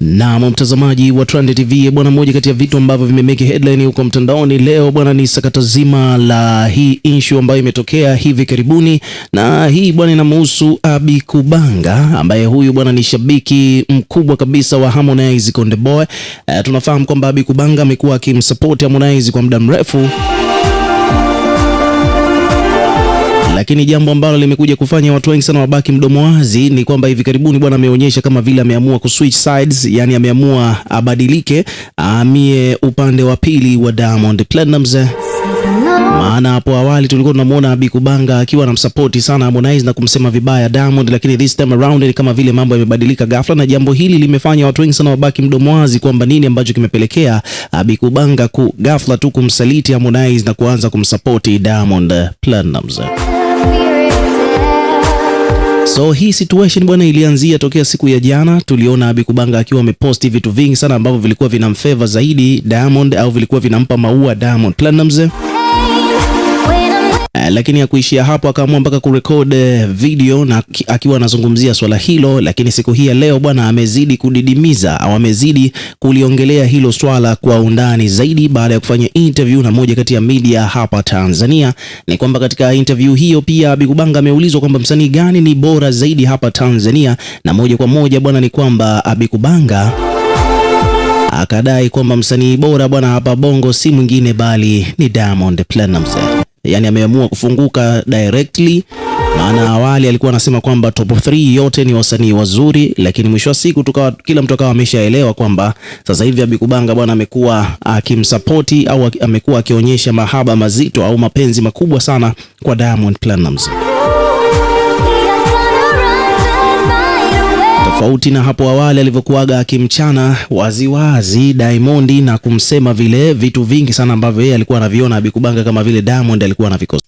Na mtazamaji wa Trend TV bwana, moja kati ya vitu ambavyo vimemeki headline huko mtandaoni leo bwana ni sakata zima la hii issue ambayo imetokea hivi karibuni, na hii bwana inamhusu Abi Kubanga ambaye huyu bwana ni shabiki mkubwa kabisa wa Harmonize Konde Boy. E, tunafahamu kwamba Abi Kubanga amekuwa akimsupport Harmonize kwa muda mrefu lakini jambo ambalo limekuja kufanya watu wengi sana wabaki mdomo wazi ni kwamba hivi karibuni bwana ameonyesha kama vile ameamua kuswitch sides, yani ameamua abadilike, ahamie upande wa pili wa Diamond Platinumz. Maana hapo awali tulikuwa tunamwona Bikubanga akiwa anamsapoti sana Harmonize na kumsema vibaya Diamond, lakini this time around ni kama vile mambo yamebadilika ghafla, na jambo hili limefanya watu wengi sana wabaki mdomo wazi kwamba nini ambacho kimepelekea Bikubanga ku ghafla tu kumsaliti Harmonize na kuanza kumsapoti Diamond Platinumz. So hii situation bwana ilianzia tokea siku ya jana, tuliona abi kubanga akiwa ameposti vitu vingi sana ambavyo vilikuwa vinamfavor zaidi Diamond au vilikuwa vinampa maua Diamond Platinumz lakini hakuishia hapo, akaamua mpaka kurekod eh, video na akiwa anazungumzia swala hilo. Lakini siku hii ya leo bwana amezidi kudidimiza au amezidi kuliongelea hilo swala kwa undani zaidi, baada ya kufanya interview na moja kati ya media hapa Tanzania. Ni kwamba katika interview hiyo pia Abikubanga ameulizwa kwamba msanii gani ni bora zaidi hapa Tanzania, na moja kwa moja bwana ni kwamba Abikubanga akadai kwamba msanii bora bwana hapa Bongo si mwingine bali ni Diamond Platnumz yani ameamua kufunguka directly, maana awali alikuwa anasema kwamba top 3 yote ni wasanii wazuri, lakini mwisho wa siku tukawa kila mtu akawa ameshaelewa kwamba sasa hivi Abikubanga bwana amekuwa akimsapoti au amekuwa akionyesha mahaba mazito au mapenzi makubwa sana kwa Diamond Platnumz. tofauti na hapo awali alivyokuwaga akimchana waziwazi Diamond na kumsema vile vitu vingi sana ambavyo yeye alikuwa anaviona Abikubanga, kama vile Diamond alikuwa anavikosa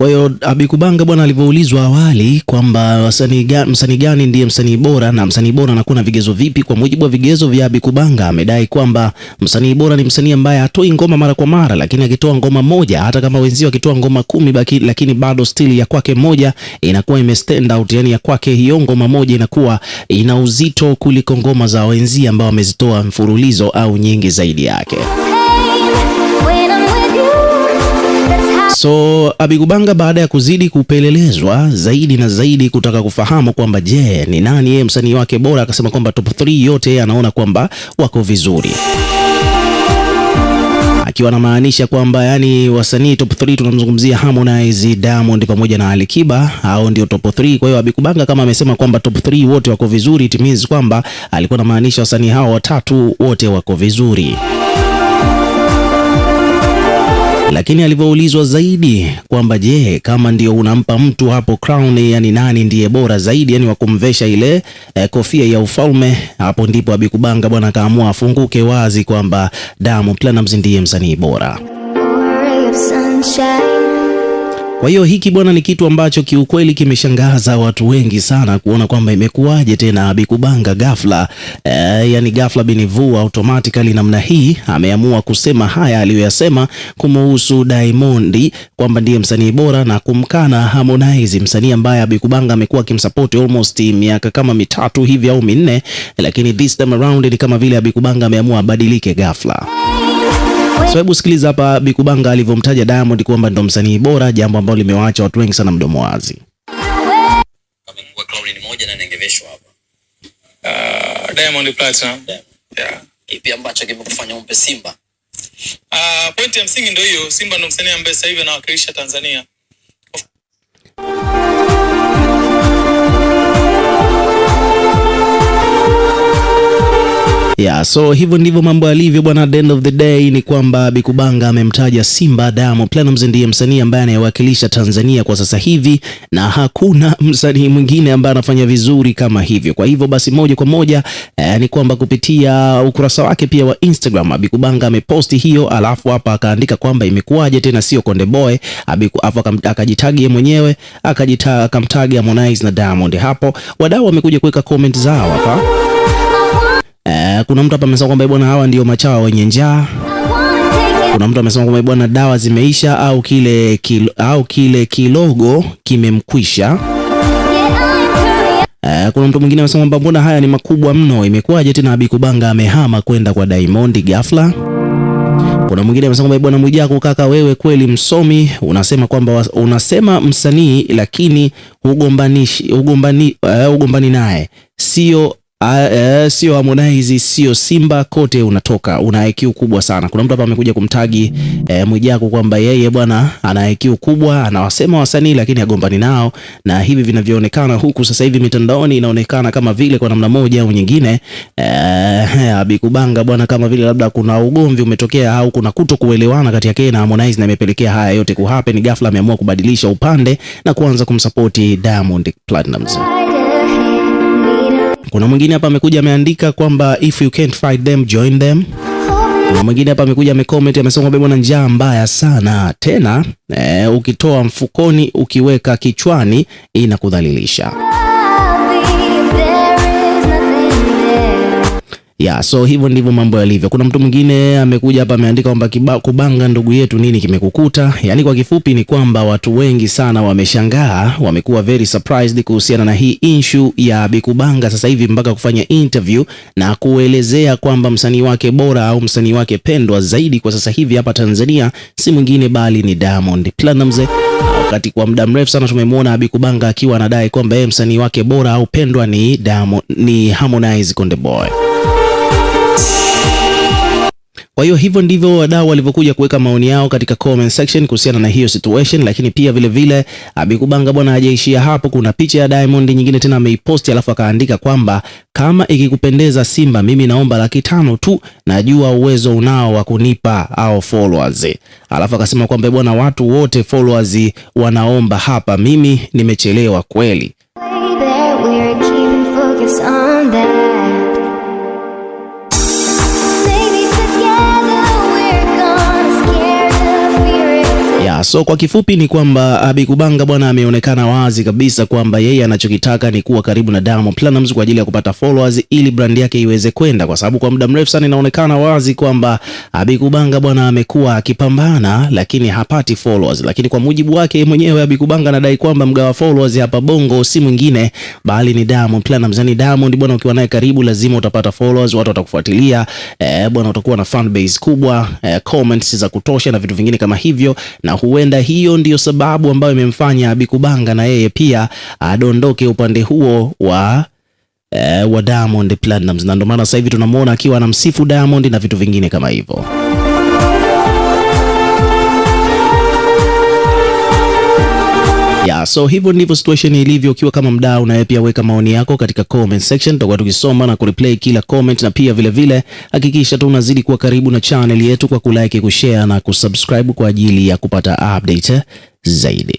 kwa hiyo Abikubanga bwana alivyoulizwa awali kwamba msanii gani, msanii gani ndiye msanii bora na msanii bora anakuwa na vigezo vipi, kwa mujibu wa vigezo vya Abikubanga amedai kwamba msanii bora ni msanii ambaye hatoi ngoma mara kwa mara, lakini akitoa ngoma moja, hata kama wenzio akitoa ngoma kumi baki, lakini bado stili ya kwake moja inakuwa ime stand out, yani ya kwake hiyo ngoma moja inakuwa ina uzito kuliko ngoma za wenzio ambao wamezitoa mfululizo au nyingi zaidi yake. So Abigubanga baada ya kuzidi kupelelezwa zaidi na zaidi kutaka kufahamu kwamba je, ni nani yeye msanii wake bora, akasema kwamba top 3 yote anaona kwamba wako vizuri akiwa anamaanisha kwamba yani wasanii top 3 tunamzungumzia Harmonize, Diamond pamoja na Alikiba, hao ndio top 3. Kwa hiyo Abikubanga kama amesema kwamba top 3 wote wako vizuri, it means kwamba alikuwa anamaanisha wasanii hao watatu wote wako vizuri. Lakini alivyoulizwa zaidi kwamba je, kama ndio unampa mtu hapo crown, yani nani ndiye bora zaidi, yani wa kumvesha ile eh, kofia ya ufalme, hapo ndipo Abikubanga bwana akaamua afunguke wazi kwamba Diamond Platnumz ndiye msanii bora. Kwa hiyo hiki bwana ni kitu ambacho kiukweli kimeshangaza watu wengi sana kuona kwamba imekuwaje tena Bikubanga ghafla, e, yani ghafla binivua automatically namna hii ameamua kusema haya aliyoyasema kumuhusu Diamond kwamba ndiye msanii bora na kumkana Harmonize, msanii ambaye Bikubanga amekuwa akimsupport almost miaka kama mitatu hivi au minne, lakini this time around ni kama vile Bikubanga ameamua abadilike ghafla. So hebu sikiliza hapa Bikubanga alivyomtaja Diamond kwamba ndo msanii bora, jambo ambalo limewaacha watu wengi sana mdomo wazi. Uh, ah, ah, Pointi ya msingi ndio hiyo, Simba ndio msanii ambaye sasa hivi anawakilisha Tanzania. Yeah, so hivyo ndivyo mambo yalivyo bwana. At the end of the day ni kwamba Bikubanga amemtaja Simba Diamond Platnumz ndiye msanii ambaye anayewakilisha Tanzania kwa sasa hivi, na hakuna msanii mwingine ambaye anafanya vizuri kama hivyo. Kwa hivyo basi, moja kwa moja eh, ni kwamba kupitia ukurasa wake pia wa Instagram Bikubanga ameposti hiyo, alafu hapa akaandika kwamba imekuwaje tena, sio Konde Boy, alafu akajitagi mwenyewe akamtaga Harmonize na Diamond. Hapo wadau wamekuja kuweka comment zao hapa Eh, kuna mtu hapa amesema kwamba bwana, hawa ndio machawa wenye njaa. Kuna mtu amesema kwamba bwana, dawa zimeisha au kile kilo, au kile kilogo kimemkwisha. Eh, kuna mtu mwingine amesema kwamba mbona haya ni makubwa mno, imekuwaje tena Abikubanga amehama kwenda kwa Diamond ghafla? Kuna mwingine amesema kwamba bwana Mwijaku kaka, wewe kweli msomi, unasema kwamba unasema msanii lakini hugombanishi, hugombani, uh, hugombani naye sio Uh, uh, sio Harmonize, sio Simba, kote unatoka. Una IQ kubwa sana. Kuna mtu hapa amekuja kumtagi uh, eh, Mwijaku kwamba yeye bwana ana IQ kubwa, anawasema wasanii lakini hagombani nao, na hivi vinavyoonekana huku sasa hivi mitandaoni inaonekana kama vile kwa namna moja au nyingine uh, Abikubanga bwana, kama vile labda kuna ugomvi umetokea au kuna kuto kuelewana kati yake na Harmonize, na imepelekea haya yote kuhappen. Ghafla ameamua kubadilisha upande na kuanza kumsupport Diamond Platnumz. Kuna mwingine hapa amekuja ameandika kwamba if you can't fight them join them. Kuna mwingine hapa amekuja amecomment amesema bwana, njaa mbaya sana tena, e, ukitoa mfukoni ukiweka kichwani inakudhalilisha. Yeah, so hivyo ndivyo mambo yalivyo. Kuna mtu mwingine amekuja hapa ameandika kwamba kubanga ndugu yetu nini kimekukuta? Yaani kwa kifupi ni kwamba watu wengi sana wameshangaa, wamekuwa very surprised kuhusiana na hii issue ya Bikubanga sasa hivi mpaka kufanya interview na kuelezea kwamba msanii wake bora au msanii wake pendwa zaidi kwa sasa hivi hapa Tanzania si mwingine bali ni Diamond Platnumz. Wakati kwa muda mrefu sana tumemwona Bikubanga akiwa anadai kwamba yeye msanii wake bora au pendwa ni Diamond, ni Harmonize Konde Boy. Kwa hiyo hivyo ndivyo wadau walivyokuja kuweka maoni yao katika comment section kuhusiana na hiyo situation, lakini pia vile vile Abikubanga bwana hajaishia hapo. Kuna picha ya Diamond nyingine tena ameiposti, alafu akaandika kwamba kama ikikupendeza Simba, mimi naomba laki tano tu, najua uwezo unao wa kunipa au followers. Alafu akasema kwamba eh bwana, watu wote followers wanaomba hapa, mimi nimechelewa kweli. So kwa kifupi ni kwamba Abikubanga bwana ameonekana wazi kabisa kwamba yeye anachokitaka ni kuwa karibu na Diamond Platnumz kwa ajili ya kupata followers ili brand yake iweze kwenda, kwa sababu kwa muda mrefu sana inaonekana wazi kwamba Abikubanga bwana amekuwa akipambana, lakini hapati followers. Lakini kwa mujibu wake mwenyewe Abikubanga anadai kwamba mgawa followers hapa Bongo si mwingine bali ni Diamond Platnumz. Yani Diamond bwana, ukiwa naye karibu lazima utapata followers, watu watakufuatilia eh, bwana, utakuwa na fan base kubwa eh, comments za kutosha na vitu vingine kama hivyo na huwe huenda hiyo ndiyo sababu ambayo imemfanya Abikubanga na yeye pia adondoke upande huo wa eh, wa Diamond Platinumz, na ndio maana sasa hivi tunamwona akiwa anamsifu Diamond na vitu vingine kama hivyo. Yeah, so hivyo ndivyo situation ilivyo. Ukiwa kama mdau, nawe pia weka maoni yako katika comment section, tutakuwa tukisoma na kureplay kila comment, na pia vile vile hakikisha tu unazidi kuwa karibu na channel yetu kwa kulike, kushare na kusubscribe kwa ajili ya kupata update zaidi.